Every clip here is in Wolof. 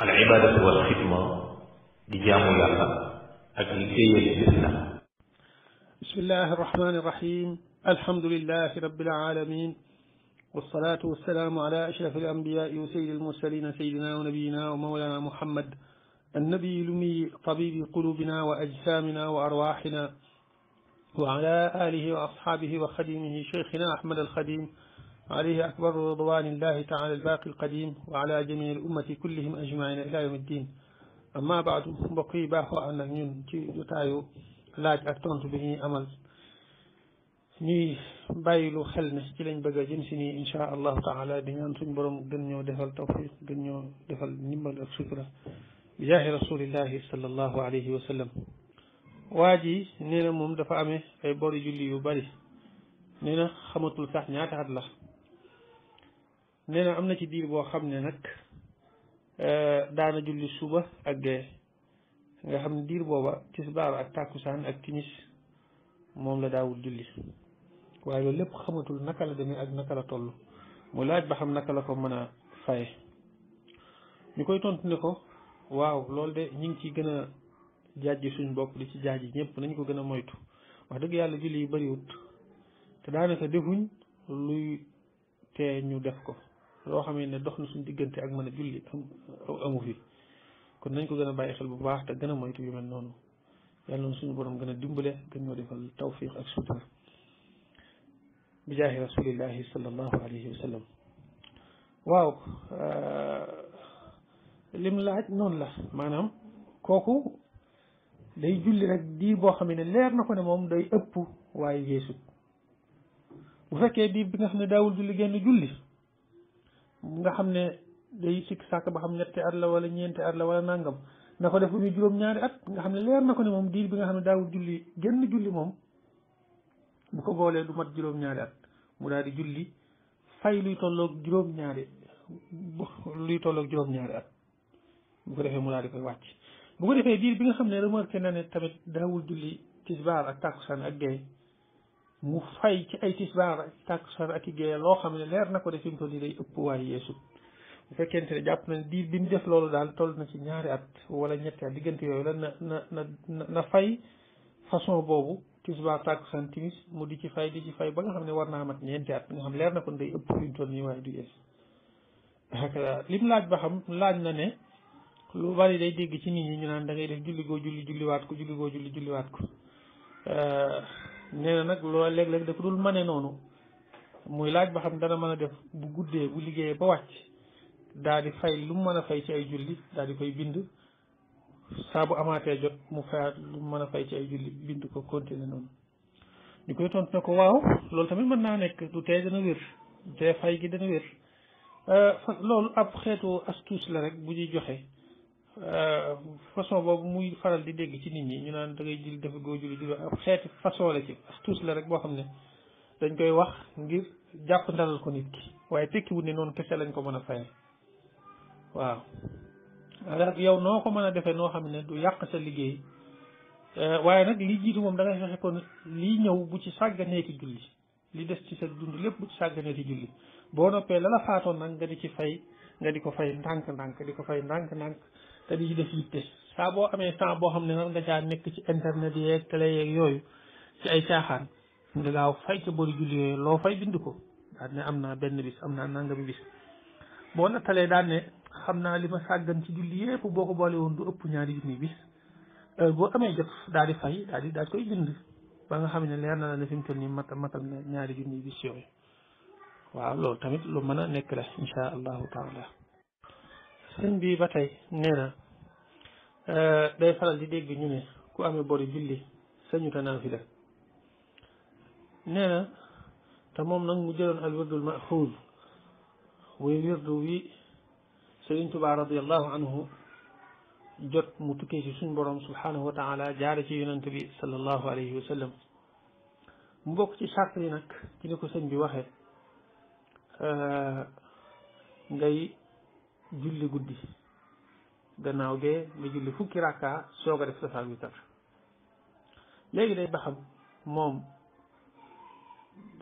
al ibaadatu wal xidma di jaamu yàlla ak liggéeyal islam bismillahi arrahmani irrahim alhamdulilahi rabbil alamin والصلاة والسلام على أشرف الأنبياء وسيد المرسلين سيدنا ونبينا ومولانا محمد النبي لمي طبيب قلوبنا وأجسامنا وأرواحنا وعلى آله وأصحابه وخديمه شيخنا أحمد الخديم alayhi akbaru ridwanillahi taala albaqi alqadim wa ala jamii alummati kullihim ajmaina ila yawm iddin amma baadu mbokk yi baaxoo ànd ak ñun ci jotaayu laaj ak tontu bi ñuy amal ñuy bàyyilu xel ne ci lañ bëgg a jëm si nii insha allahu taala di ñaan suñ borom gën ñoo defal tawfiq gën ñoo defal ndimbal ak sutura bi jaahi rasulillahi sallallahu alayhi wa sallam waa ji nee na moom dafa amee ay bori julli yu bari nee na xamatul sax ñaata at la nee am na ci diir boo xam ne nag eh, daana julli suba ak gee nga xam ne diir booba ci tisbaar ak tàkkusaan ak timis moom la daawul julli waaye loolu lépp xamatul naka la deme ak naka la toll mu laaj ba xam naka la ko mën a faye ñu koy tontu ne ko waaw loolu de ñu ngi ci gën a jaajji suñ bopp di ci jaajji ñëpp nañ ko gën a moytu wax dëgg yàlla julli yu bariwut te daanaka defuñ luy tee ñu def ko loo xamee ne dox na suñu diggante ak mën a julli amu fi kon nañ ko gën a bàyyi xel bu baax te gën a moytu yu mel noonu yàlla na suñu borom gën a dimbale gën ñoo defal tawfiq ak sutura bi jaahi rasulillahi sallallahu alayhi wa sallam waaw euh, lim laaj noonu la maanaam kooku day julli rek diir boo xam ne leer na ko ne moom day ëpp waaye yeesut bu fekkee diir bi nga xam ne daawul julli génn julli nga xam ne day sikk sàkk ba xam ñetti at la wala ñeenti at la wala nàngam na ko def ba muy juróom-ñaari at nga xam ne leer na ko ne moom diir bi nga xam ne daawul julli génn julli moom bu ko boolee du mat juróom-ñaari at mu daal di julli fay luy tolloog juróom-ñaari luy tolloog juróom-ñaari at bu ko defee mu daal di koy wàcc bu ko defee diir bi nga xam ne remarqué na ne tamit daawul julli tisbaar ak takkusaan ak gay mu fay ci ay tisbaar ak takkusaan ak i géeye loo xam ne leer na ko de fi mu toll nii day ëpp waaye yeesut bu fekkente ne jàpp na ne diir bi mu def loolu daal toll na ci ñaari at wala ñetti at diggante yooyu la na na na na fay façon boobu tisbaar takkusaan timis mu di ci fay di ci fay ba nga xam ne war naa mat ñeenti at nga xam leer na ko day ëpp fi mu toll nii waaye du yees hakadaa lim laaj ba xam laaj na ne lu bari day dégg ci nit ñi ñu naan da ngay def julli goo julli ko julli goo julli julliwaat ko euh, nee nag loo léeg-léeg da ko dul mane noonu muy laaj ba xam dana mën a def bu guddee bu liggéeyee ba wàcc daa di fay lu mu mën a fay ci ay julli daa di koy bind saa bu amaatee jot mu fayaat lu mu mën a fay ci ay julli bind ko continuer noonu ñu koy tontu ko waaw loolu tamit mën naa nekk du tee dana wér du tee fay gi dana wér euh, loolu ab xeetu astuce la rek bu ñuy joxe Euh, façon boobu muy faral di dégg ci nit ñi ñu naan da ngay jul dafa doo julli julli ab xeeti façon la ci as tuus la rek boo xam ne dañ koy wax ngir jàpp ndalal ko nit ki waaye tekki wu ne noonu kese lañ ko mën a fayal waaw nag yow noo ko mën a defee noo xam ne du yàq sa liggéey euh, waaye nag li jiitu moom da ngay fexe kon lii ñëw bu ci sàgganeeti julli li des ci sa dund lépp bu ci sàgganeeti julli boo noppee la la faatoon nag nga di ci fay nga di ko fay ndànk-ndànk di ko fay ndànk-ndànk te di def yitte saa boo amee temps boo xam ne nan nga caa nekk ci internet yeeg télé yeeg yooyu ci ay caaxaan nga gaaw fay ca boori julli yooyu loo fay bind ko daan ne am naa benn bis am naa nangami bis boo nattalee daan ne xam naa li ma sàggan ci julli yépp boo ko boole woon du ëpp ñaari junni bis boo amee jot daal di fay daal di daal koy bind ba nga xam ne leer na la ne fi mu toll nii matal matal na ñaari junni bis yooyu waaw loolu tamit lu mën a nekk la insha allahu taala sëñ Euh, day faral di dégg ñu ne ku amee bori julli sañu ta naafila nee na te moom nag mu jëloon al wirdul maxuud muy wirdu wi Sëriñ Tubaa radiallahu anhu jot mu tukkee ci suñ borom subhanahu wa taala jaare ci yonent bi sallallahu alayhi wa sallam ci sart ni ko sëñ bi waxee euh, ngay julli guddi gannaaw gee nga julli fukki rakka soog a def safaak witar léegi day ba xam moom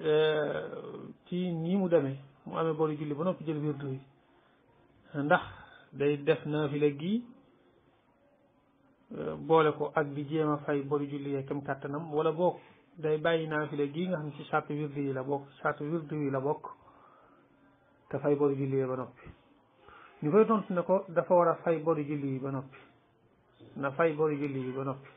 euh, ci nii mu demee mu amee boru julli ba noppi jël wirdu yi ndax day def naafila gi euh, boole ko ak di jéem a fay boru julli yee kem kàttanam wala boog day bàyyi naafila gi nga xam ne ci sàtt wirdu yi la bokk sàtt wirdu yi la bokk te fay boru julli yee ba noppi ñu koy tontu ne ko dafa war a fay boru julli ba noppi na fay boru ba noppi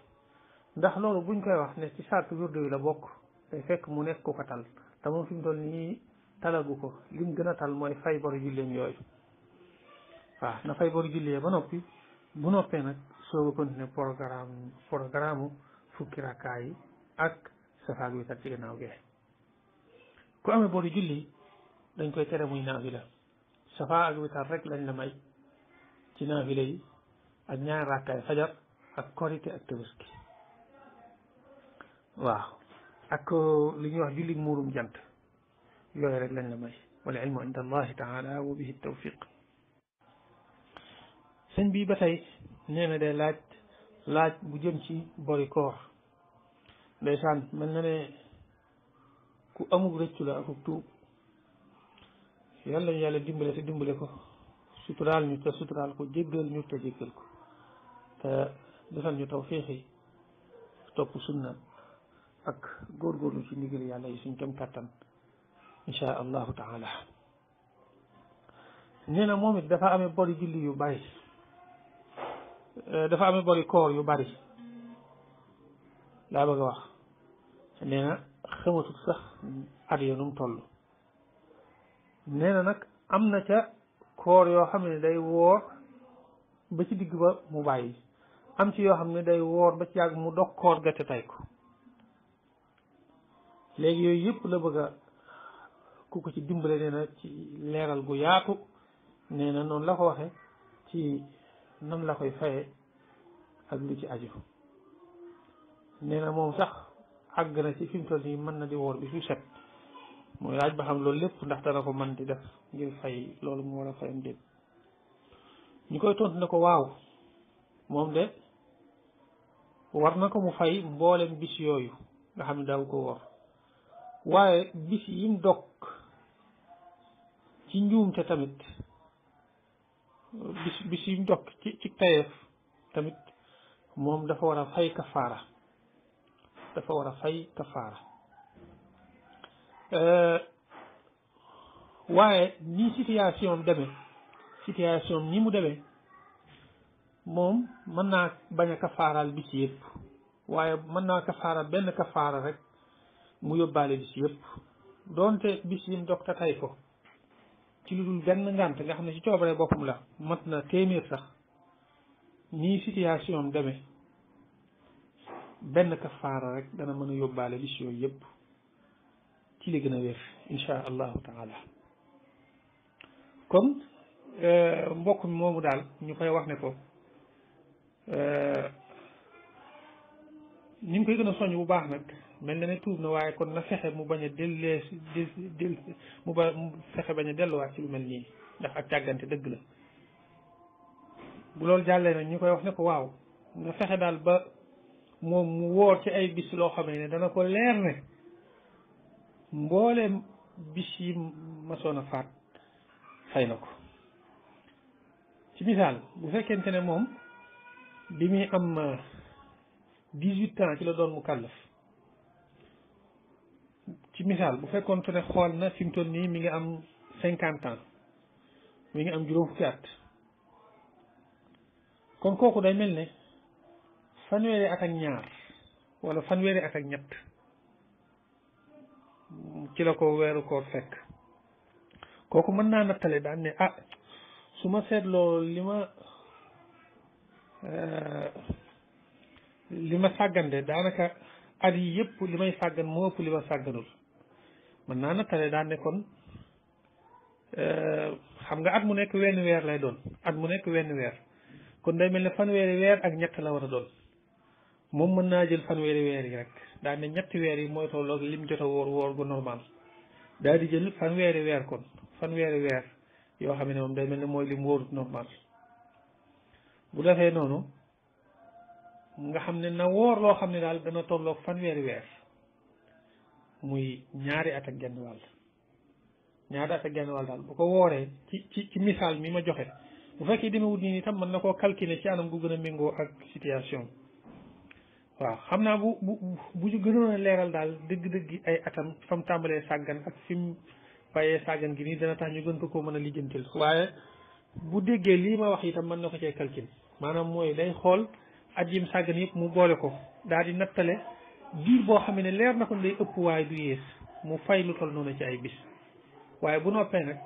ndax loolu buñ koy wax ne ci sàkk wirdu yi la bokk day fekk mu nekk ku ko tal te moom fi mu toll nii talagu ko lim gën a tal mooy fay boru julleem yooyu waaw na fay boru julli ba noppi bu noppee nag soo ko continuer programme programme fukki rakkaa yi ak safaag wi tat ci gannaaw gee ku amee boru julli dañ koy tere muy naafi la safa ak witar rek lañ la may ci naafile yi ak ñaari rakkaay fajar ak korite ak tabaski waaw ak li ñuy wax julli muurum jant yooyu rek lañ la may wal ilmu inda allahi taala wa bihi tawfiq sëñ bii ba tey nee laaj laaj bu jëm ci bori koor ndeysaan mel na ne ku amul rëccu la akuk tuub yàlla nañu yàlla dimbale te dimbale ko suturaal ñu te suturaal ko jéggal ñu te jéggal ko te defal ñu tawfiix yi topp sunna ak góorgóorlu ci ndigal yàlla yi suñ kem kàttan insha allahu taala nee na moom it dafa amee bori julli yu bari eh, dafa amee bori koor yu bari laa bëgg a wax nee na xamatul sax at ya nu mu toll nee nag am na ca koor yoo xam ne day woor ba ci digg ba mu bàyyi am ci yoo xam ne day woor ba ci yàgg mu dog koor ga te ko léegi yooyu yëpp la bëgg a ku ko ci dimbale nee na ci leeral gu yaatu nee na noonu la ko waxee ci nan la koy faye ak lu ci aju nee na moom sax àgg na ci fi toll nii mën na di woor bi su set mooy laaj ba xam loolu lépp ndax dana ko man di def ngir fay loolu mu war a fayam déet ñu koy tontu ne ko waaw moom de war na ko mu fay mboolem bis yooyu nga xam ne daaw ko wor waaye bis yim dog ci te tamit bis bis yim dog ci ci tayeef tamit moom dafa war a fay kafaara dafa war a fay kafaara Euh, waaye ni situation am demee situation am ni mu demee moom mën naa bañ a kafaaral bi ci waaye mën naa kafaaral benn kafaara rek mu yóbbaale bis yëpp doonte bis yim docteur tay ko ci lu dul benn ngànt nga xam ne ci coobare boppam la mat na téeméer sax nii situation am demee benn kafaara rek dana mën a yóbbaale bis yooyu yëpp ci li gën a wér insha allahu taala kon euh, mbokk moomu daal ñu koy wax ne ko euh, ñu ngi koy gën a soññ bu baax nag mel na ne tuub na waaye kon na fexe mu bañ a dellees del mu ba bañ delluwaat ci lu mel nii ndax ak càggante dëgg la bu loolu jàllee nag ñu koy wax ne ko waaw na fexe daal ba moom mu wóor ci ay bis loo xam ne dana ko leer ne mboole bis yi masoon a faat fay na ko ci misaal bu fekkente ne moom bi muy am euh, dix-huit ans ci la doon mu kàllaf ci misaal bu fekkoonte ne xool na fi mu nii mi ngi am cinquante ans mi ngi am juróom fukki at kon kooku day mel ne fanweeri at ak ñaar wala fanweeri at ak ñett ci la ko weeru koor fekk kooku mën naa nattale daan ne ah su ma seetloo li ma eh, li ma sàggande daanaka at yi yëpp li may sàggan moo ëpp li ma sàgganul mën naa nattale daan ne kon eh, xam nga at mu nekk wenn weer lay doon at mu nekk wenn weer kon day mel ne fanweeri weer ak ñett la war a doon moom mën naa jël fanweeri weer yi rek daa ñetti weer yi mooy tolloog lim jot a woor woor gu normal daa di jël fanweeri weer kon weeri weer yoo xam ne moom day mel ne mooy lim wóorut normal bu defee noonu nga xam ne na woor loo xam ne daal dana tolloog fanweeri weer muy ñaari at ak genn wàll ñaari at ak daal bu ko wooree ci ci ci misaal mi ma joxe bu fekkee demewut nii tam mën na koo calculer ci anam gu gën a méngoo ak situation waaw xam naa bu bu bu ñu gënoon a leeral daal dëgg-dëgg ay atam fa mu tàmbalee sàggan ak fi mu bàyyee sàggan gi nii dana tax ñu gën ko koo mën a lijjantil waaye bu déggee lii ma wax itam mën na ko cee calcul maanaam mooy day xool at yim sàggan yëpp mu boole ko daal di nattale diir boo xam ne leer na ko day ëpp waaye du yées mu fay lu toll noonu ci ay bis waaye bu noppee nag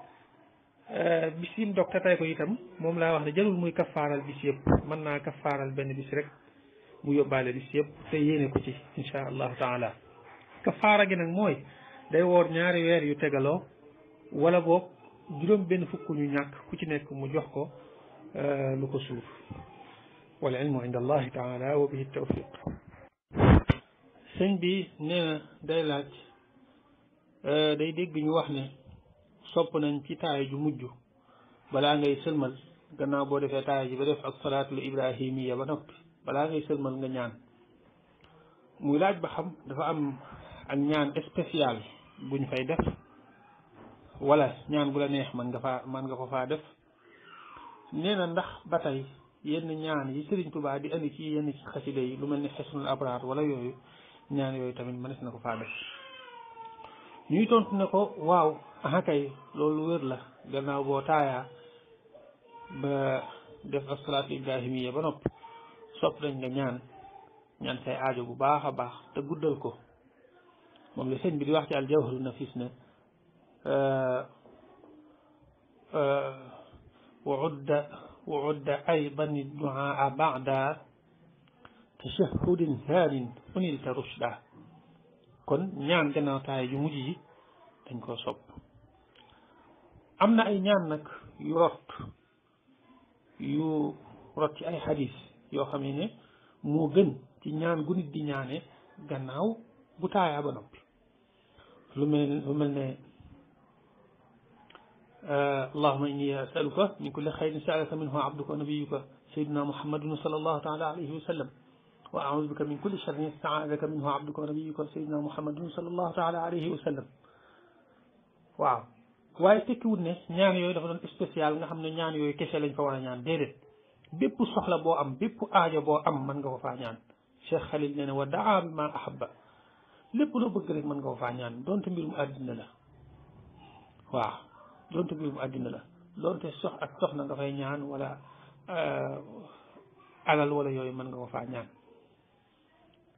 euh, bis yim dog ko itam moom laa wax ne jarul muy kafaaral bis yëpp mën naa kafaaral benn bis mu yóbbaale bis yëpp te yéene ko ci insha allahu taala kafaara gi nag mooy day woor ñaari weer yu tegaloo wala boog juróom benn fukk ñu ñàkk ku ci nekk mu jox ko euh, lu ko suur wal ilmu inda allahi taala wa bihi tawfiq sëñ bi nee day laaj euh, day dégg ñu wax ne sopp nañ ci taaya ju mujj balaa ngay sëlmal gannaaw boo defee taaya ji ba def ak salaatul ibrahimiya ba noppi balaa ngay sëlmal nga ñaan muy laaj ba xam dafa am ak ñaan spécial bu ñu fay def wala ñaan bu la neex man nga faa man nga ko faa def nee na ndax ba tey yenn ñaan yi Sëriñ Tuubaa di andi ci yenn xasida yi lu mel ni xesnul abraar wala yooyu ñaan yooyu tamit mënees na ko faa def ñuy tontu ne ko waaw aha kay loolu wér la gannaaw boo taayaa ba def asalaatu ibrahimiya ba noppi sopp nañ nga ñaan ñaan say aajo bu baax a baax te guddal ko moom la sëñ bi di wax ci aljawharu nafis ne wa udda wa udda aydan duaa bada tashahudin thaanin unilta rushda kon ñaan gannaaw taay yu mujj yi dañ koo sopp am na ay ñaan nag yu rot yu rot ci ay xadis yoo xamee ne moo gën ci ñaan gu nit di ñaane gannaaw bu taayaa ba noppi lu mel lu mel ne euh, allahuma inni asaluka min kulli xayrin saalaka minhu abduka wa nabiyuka sayiduna muhammadun sallallahu taala alayhi wa sallam wa audu bika min kulli charrin istaadaka minhu abduka wa nabiyuka sayiduna muhammadun sallallahu taala alayhi wa sallam waaw waaye tekkiwut ne ñaan yooyu dafa doon spécial nga xam ne ñaan yooyu kese lañ fa war a ñaan déedéet bépp soxla boo am bépp aajo boo am mën nga ko faa ñaan Cheikh Khalil nee na wa daa ma ahabba lépp loo bëgg rek mën nga ko faa ñaan donte mbirum àddina la waaw donte mbirum àddina la donte sox ak soxna nga fay ñaan wala euh, alal wala yooyu mën nga ko faa ñaan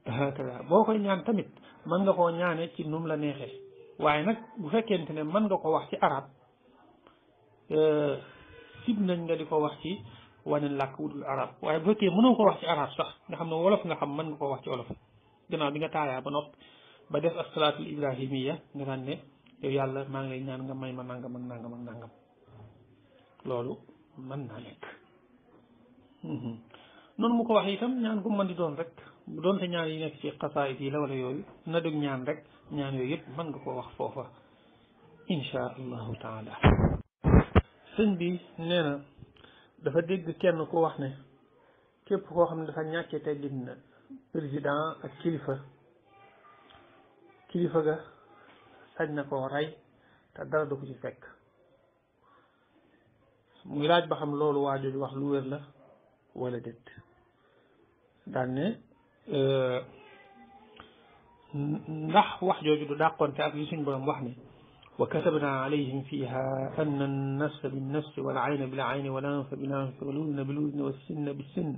hakada boo koy ñaan tamit mën nga koo ñaane ci num la neexee waaye nag bu fekkente ne mën nga ko wax ci arab euh, sib nañ nga di ko wax ci waneen làkk wudul arab waaye bu fekkee mënoo ko wax ci arab sax nga xam ne wolof nga xam mën nga ko wax ci wolof gannaaw bi nga taayaa ba nopp ba def assalaatul ibrahimiya nga naan ne yow yàlla maa ngi lay ñaan nga may ma nangam ak nangam ak nangam loolu mën naa nekk mhm. noonu mu ko waxee itam ñaan gu mën di doon rek bu doon te ñaan yi nekk ci xasaayit yi la wala yooyu na dug ñaan rek ñaan yooyu yëpp mën nga koo wax foofa insha allahu taala sëñ bi nee na dafa dégg kenn ku wax ne képp koo xam ne dafa ñàkkee teggin na président ak kilifa kilifa ga sañ na ko rey te dara du ko ci fekk muy laaj ba xam loolu waa jooju wax lu wér la wala déet daan ne euh, ndax wax jooju du dàqonte ak yu suñ borom wax ni وكتبنا عليهم فيها أن النفس بالنفس والعين بالعين والأنف بالأنف والأذن بالأذن والسن بالسن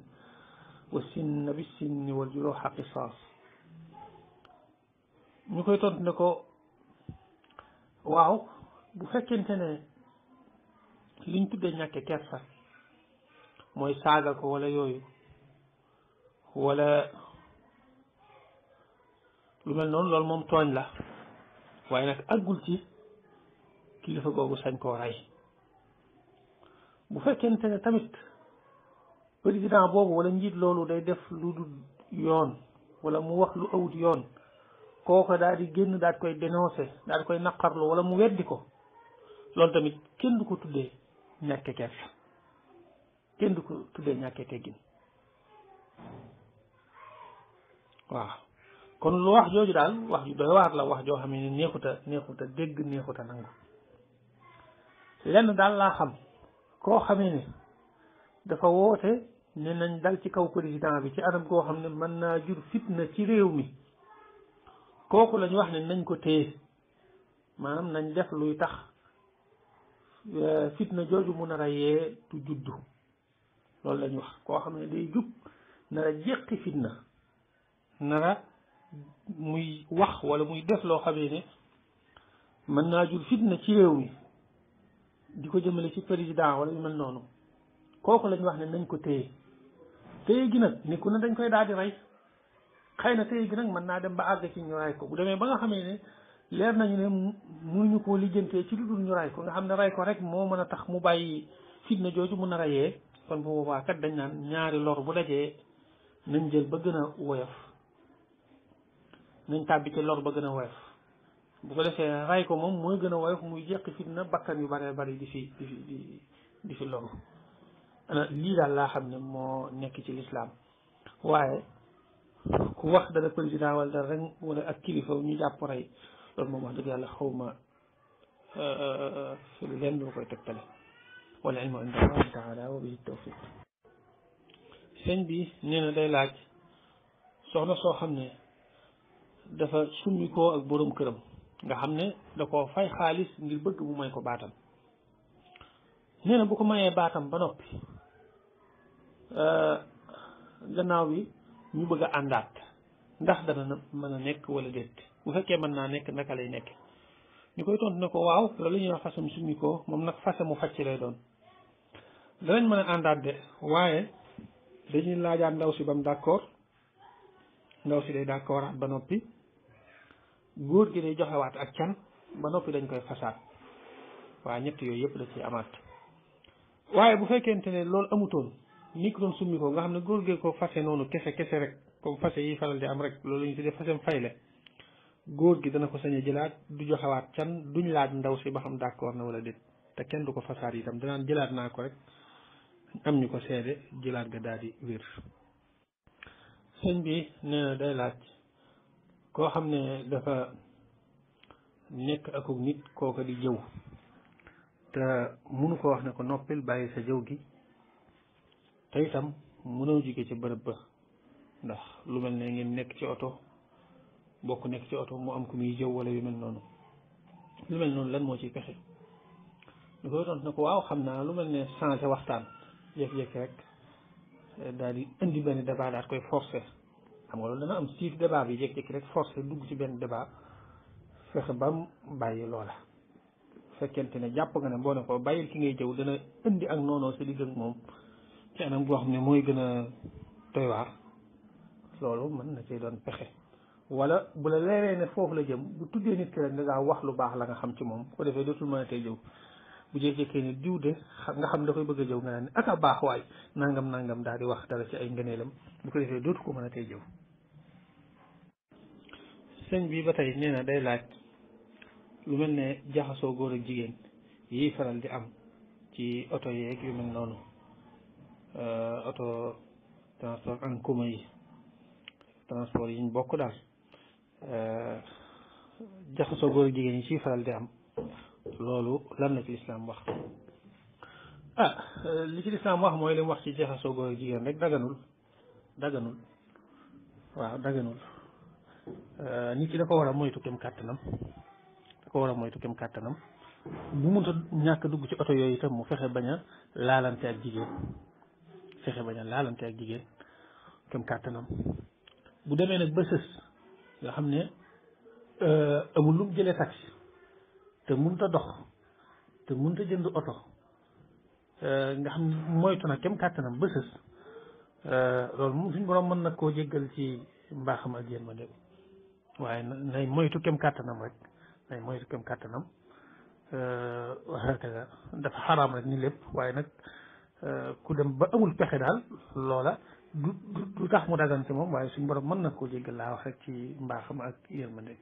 والسن بالسن والجروح قصاص ñu koy tont ne ko waaw bu fekkente ne liñ tudde ñàkke kersa mooy saaga ko wala yooyu wala lu mel noonu loolu moom tooñ la waaye nag àggul ci kilifa googu sañ koo rey bu fekkente ne tamit président boobu wala njiit loolu day def lu dul yoon wala mu wax lu awut yoon kooko daal di génn daal koy dénoncé daal koy naqarlu wala mu weddi ko loolu tamit kenn du ko tuddee ñàkke kers kenn du ko tuddee ñàkke teggin waaw kon lu wax jooju daal wax ju doy waar la wax joo xam ne neexuta neexuta dégg neexuta nangu lenn daal laa xam koo xamee ne dafa woote ne nañ dal ci kaw président bi ci anam koo xam ne mën naa jur fitna ci réew mi kooku lañ wax ne nañ ko téye maanaam nañ def luy tax euh, fitna jooju mu nar a yee tu juddu loolu lañ wax koo xam ne day jub nar a jéqi fitna nar muy wax wala muy def loo xamee ne mën naa jur fitna ci réew mi di ko jëmale ci président wala yu mel noonu kooku lañ wax ne nañ ko téye téye gi nag ni ku ne dañ koy daal di rey xëy na téye gi nag mën naa dem ba àgg ci ñu ray ko bu demee ba nga xamee ne leer nañu ne mënuñu koo lijjantee ci lu dul ñu ray ko nga xam ne rey ko rek moo mën a tax mu bàyyi fitna jooju mën a reyee kon bu boobaa kat dañ naan ñaari lor bu dajee nañ jël ba gën a woyof nañ tàbbi ci lor ba gën a woyof bu ko defee ray ko moom mooy gën a woyof muy jeqi fitna bakkan yu bare bari di fi di fi di di fi loru lii daal laa xam ne moo nekk ci lislaam waaye ku wax dara président wala dara rek wala ak kilifa ñu jàpp rey moom wax dëgg yàlla xawma euh, euh, euh, lenn lu koy tegtale wala ilmu bi nee day laaj soxna soo xam ne dafa summi koo ak boroom këram nga xam ne da koo fay xaalis ngir bëgg mu may ko baatam nee bu ko mayee baatam ba noppi euh, gannaaw yi ñu bëgg a àndaat ndax dana mën a nekk wala déet bu fekkee mën naa nekk naka lay nekk ñu koy tontu ne ko waaw loolu ñuy wax fasam suñu moom nag fase mu facc lay doon danañ mën a àndaat de waaye dañuy laajaat ndaw si ba mu d'accord ndaw si day d'accordaat ba noppi góor gi day joxewaat ak can ba noppi dañ koy fasaat waa ñett yooyu yëpp da ciy amaat waaye bu fekkente ne loolu amutoon ni ko doon summi nga xam ne góor gee ko noonu kese kese rek comme fase yi faral di am rek loolu la ñu tuddee fasem fayle góor gi dana ko sañ a jëlaat du joxewaat can duñ laaj ndaw si ba xam d'accord na wala déet te kenn du ko fasaat itam danaan jëlaat naa ko rek am ñu ko seede jëlaat ga daal di wér sëñ bi nee day laaj koo xam ne dafa nekk akuk nit kooka di jëw te munu ko wax ne ko noppil bàyyi sa jëw gi te itam mënoo jóge ci bërëb ba ndax lu mel ne ngeen nekk ci oto bokk nekk ci oto mu am ku muy jëw wala yu mel noonu lu mel noonu lan moo ci pexe lu koy tont ne ko waaw xam naa lu mel ne changé waxtaan jékki-jékki rek eh, daal di indi benn débat daal koy forcer xam nga loolu dana am siif débat bi jékki-jékki rek forcé dugg ci benn débat fexe ba mu bàyyi loola fekkent ne jàpp nga ne boo ne ko bàyyil ki ngay jëw dana indi ak noonoo sa digg moom ci anam boo xam ne mooy gën a doy waar mën na ci doon pexe wala bu la leeree foofu la jëm bu tuddee nit ki rek nga wax lu baax la nga xam ci moom ko defee dootul mën a tey jëw bu jékki-jékkee ne diw de nga xam da koy bëgg a jëw nga ne ak a baax waay nangam nangam daal di wax dara ci ay ngëneelam bu ko defee dootu ko mën a tey jëw sëñ bi ba tey nee day laaj lu mel ne jaxasoo góor ak jigéen yiy faral di am ci oto yeeg yu mel noonu euh, oto transport en yi transport yi ñu bokk daal euh, jaxasoo góor ak jigéen yi ciy faral di am loolu lan la ci lislaam wax ah euh, li ci lislaam wax mooy li mu wax ci jaxasoo góor ak jigéen rek daganul daganul waaw daganul Euh, nit ki da ko war a moytu kem kàttanam da ko war a moytu kem kàttanam bu mun ta ñàkk dugg ci oto yooyu itam mu fexe baña laalante ak jigéen fexe bañ laalante ak jigéen kem kàttanam bu demee nag ba sës nga xam ne euh, amul lu mu jëlee taxi te mun ta dox te mun ta jënd oto euh, nga xam moytu nag kem kàttanam ba loolu moom suñ borom mën na koo jéggal ci mbaaxam ak yéen ma dégg waaye nay moytu kem kàttanam rek nay moytu kem kàttanam waxakaga dafa xaraam rek ni lépp waaye nag ku dem ba amul pexe daal loola du du tax mu dagan ci moom waaye suñu borom mën na koo jéggal laa wax rek ci mbaaxam ak yërmande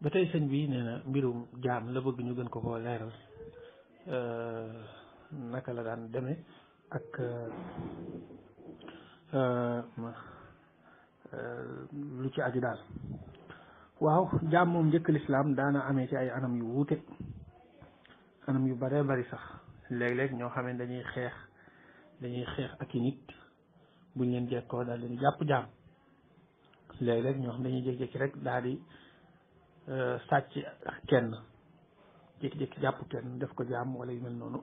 ba tey sëñ bi nee na mbirum jaam la bëgg ñu gën ko koo leeral naka la daan demee ak Euh, lu ci aju daal waaw jaam moom njëkk lislaam daana amee ci ay anam yu wuute anam yu bare bari sax léeg-léeg ñoo xam ne dañuy xeex dañuy xeex ak i nit buñ leen jekkoo daal leen jàpp jaam léeg-léeg ñoo xam dañuy jékki rek daal di euh, sàcc kenn jékki-jékki jàpp kenn def ko jaam wala yu mel noonu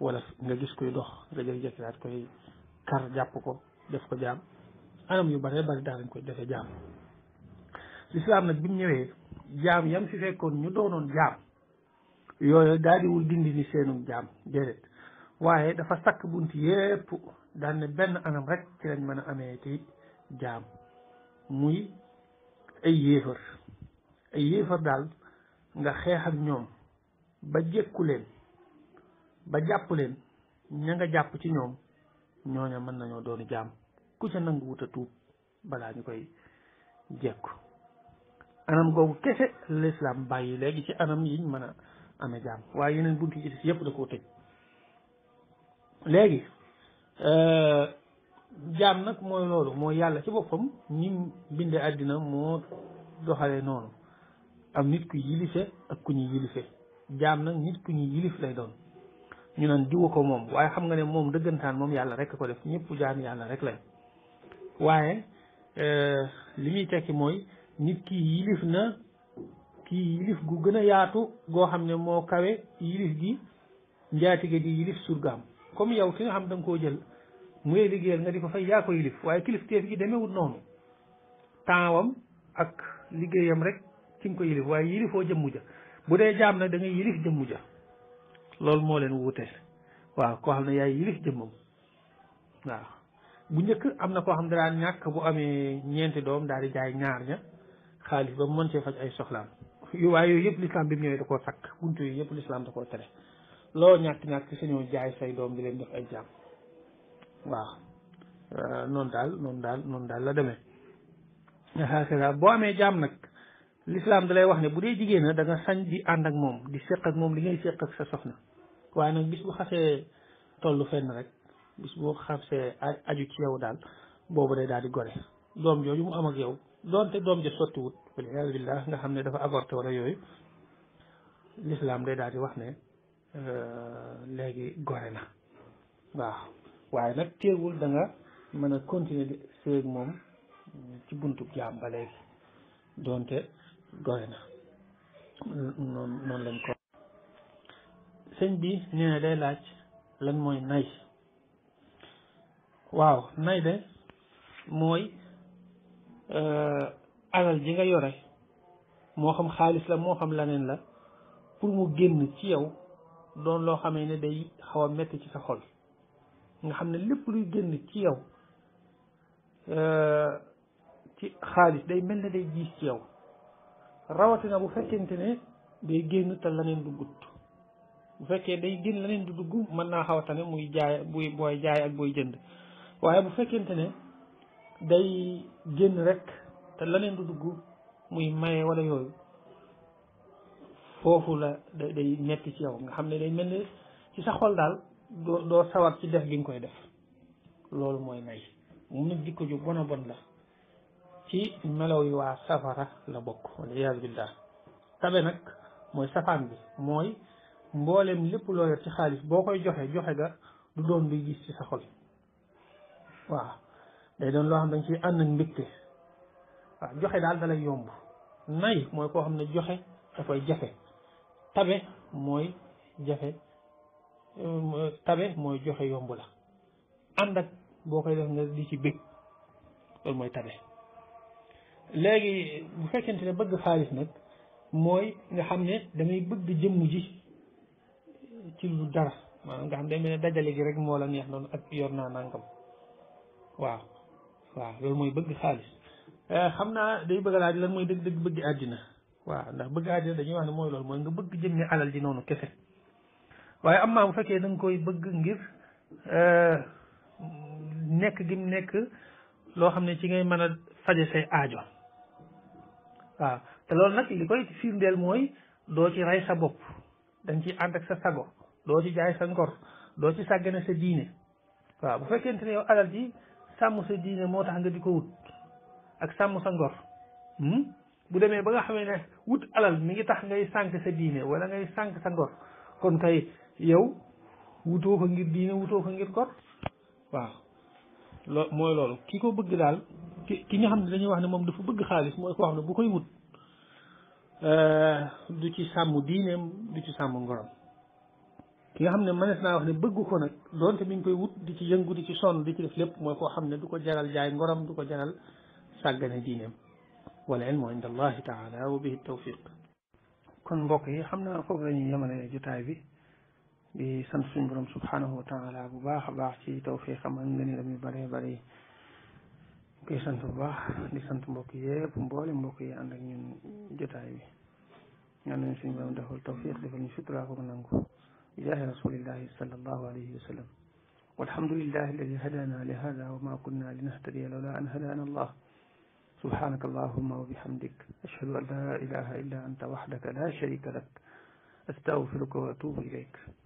wala nga gis koy dox nga jékki-jékki daal koy kar jàpp ko def ko jaam anam yu bare bari daal lañ koy defee jaam lislaam nag bi mu ñëwee jaam yam fi fekkoon ñu doonoon jaam yooyu daal diwul dindi ni seenum jaam déedéet waaye dafa sakk bunt yépp daan ne benn anam rek ci lañ mën a amee ci jaam muy ay yéefar ay yéefar daal nga xeex ak ñoom ba jékku leen ba jàpp leen ña nga jàpp ci ñoom ñooña mën nañoo doon jaam ku ca nanguwut a tuub balaa ñu koy jekku anam googu kese lislaam bàyyi léegi ci anam yiñ mën a ame jaam waaye yeneen bunt yi ci yëpp da koo tëj léegi euh, jaam nag mooy loolu moo yàlla ci boppam ñi bindee àddina moo doxalee noonu am nit ku yilife ak ku ñuy yilife jaam nag nit ku ñuy yilif lay doon ñu naan diwa ko moom waaye xam nga ne moom dëggantaan moom yàlla rek ko def ñëpp jaam yàlla rek lay waaye euh, li muy tekki mooy nit ki yilif na kii yilif gu gën a yaatu goo xam ne moo kawe yilif gi njaatige di yilif surgaam comme yow ki nga xam da nga koo jël mu ngay liggéeyal nga di ko fay yaa ko yilif waaye gi demewut noonu taawam ak liggéeyam rek ci nga ko yilif waaye yilifoo jëmmu ja bu dee jaam nag da ngay yilif jëmmu ja loolu moo leen wuute waaw koo xam ne yaay yilif jëmmam waaw bu njëkk am na koo xam ne daan ñàkk bu amee ñeenti doom daal di jaay ñaar ña xaalis ba mu mën cee faj ay soxlaam waaye yooyu yëpp lislaam bi mu ñëwee da koo sakk buntu yi yëpp lislaam da koo tere loo ñàkk-ñàkk sañoo jaay say doom di leen def ay jaam waaw euh, noonu daal noonu daal noonu daal la deme xaasira boo amee jaam nag lislaam da lay wax ne bu dee jigéen na da nga sañ di ànd ak moom di séq ak moom li ngay séq ak sa soxna waaye nag bis bu xasee tollu bis boo xasee aju ci yow daal boobu de daal di gore doom jooju mu am ak yow doonte doom ja sottiwut waliyaadu billah nga xam ne dafa avorté wala yooyu l'islam day daal di wax ne euh, léegi gore na waaw waaye nag teewul danga mën a continuer séeg moom ci buntub jaam ba léegi doonte gore na noonu lañ ko sëñ bi nee day laaj lan mooy nay waaw nay de mooy euh, alal ji nga yore moo xam xaalis la moo xam leneen la pour mu génn ci yow doon loo xam ne day xaw a metti ci sa xol nga xam ne lépp luy génn ci yow euh, ci xaalis day mel ne day gis ci yow rawatina bu fekkente ne day génn te leneen du gudd bu fekkee day génn leneen du dugg mën naa xaw a tane muy jaay buy booy jaay ak booy jënd waaye bu fekkente ne day génn rek te leneen du dugg muy maye wala yooyu foofu la day day metti ci yow nga xam ne day mel ni ci sa xol daal doo doo sawar ci def gin koy def loolu mooy may mu nag jikko ju bon bon la ci melo yi waa safara la bokk wala iyaas billah tabe nag mooy safaan bi mooy mbooleem lépp loo yor ci xaalis boo koy joxe joxe ga du doon bi gis ci sa xol waaw day doon loo xam dañ ciy ànd ak mbégte waaw joxe daal dalay yomb nay mooy koo xam ne joxe da koy jafe tabe mooy jafe tabe mooy joxe yomb la ànd ak boo koy def nga di ci bég loolu mooy tabe léegi bu fekkente ne bëgg xaalis nag mooy nga xam ne dangay bëgg jëmm ji ci lu dara maa nga xam ne day mel ne dajale gi rek moo la neex noonu ak yor naa nangam waaw waaw loolu mooy bëgg xaalis eh, xam naa day bëgg laaj lan mooy dëgg dëgg bëgg àddina waaw ndax bëgg àddina dañuy wax ne mooy loolu mooy nga bëgg jëmmi alal ji noonu kese waaye am maa bu fekkee da koy bëgg ngir eh, nekk gi nekk loo xam ne ci ngay mën a faje say aajo waaw te loolu nag li koy firndeel mooy doo ci rey sa bopp dañ ci ànd ak sa sago doo ci jaay sa ngor doo ci sàggane sa diine waaw bu fekkente ne alal ji sàmm sa diine moo tax nga di ko wut ak sàmm sa ngor hmm? bu demee ba nga xamee ne wut alal mi ngi tax ngay sànk sa diine wala ngay sànk sa ngor kon kay yow wutoo ko ngir diine wutoo ko ngir ngor waaw mooy loolu ki ko bëgg daal ki ki nga xam ne dañuy wax ne moom dafa bëgg xaalis mooy koo xam ne bu koy wut euh, du ci sàmm diineem du ci sàmm ngorom ki nga xam ne mënees naa wax ne bëgg nag doonte mi ngi koy wut di ci yëngu di ci sonn di ci def lépp mooy koo xam ne du ko jaral jaay ngoram du ko jaral sàggane diineem wal ilmu inda allahi taala wa bihi tawfiq kon mbokk yi xam naa foofu la ñuy yemale jotaay bi di sant suñ borom subhanahu bu baax a baax ci tawfiqam ak ngëneelam yu bëree bëri koy sant bu baax di sant mbokk yëpp mboole mbokk yi ànd ak ñun jotaay bi ñaan nañ suñ borom defal tawfiq defal ñu sutura ko nangu إله رسول الله صلى الله عليه وسلم والحمد لله الذي هدانا لهذا وما كنا لنهتدي لولا أن هدانا الله سبحانك اللهم وبحمدك أشهد أن لا إله إلا أنت وحدك لا شريك لك أستغفرك وأتوب إليك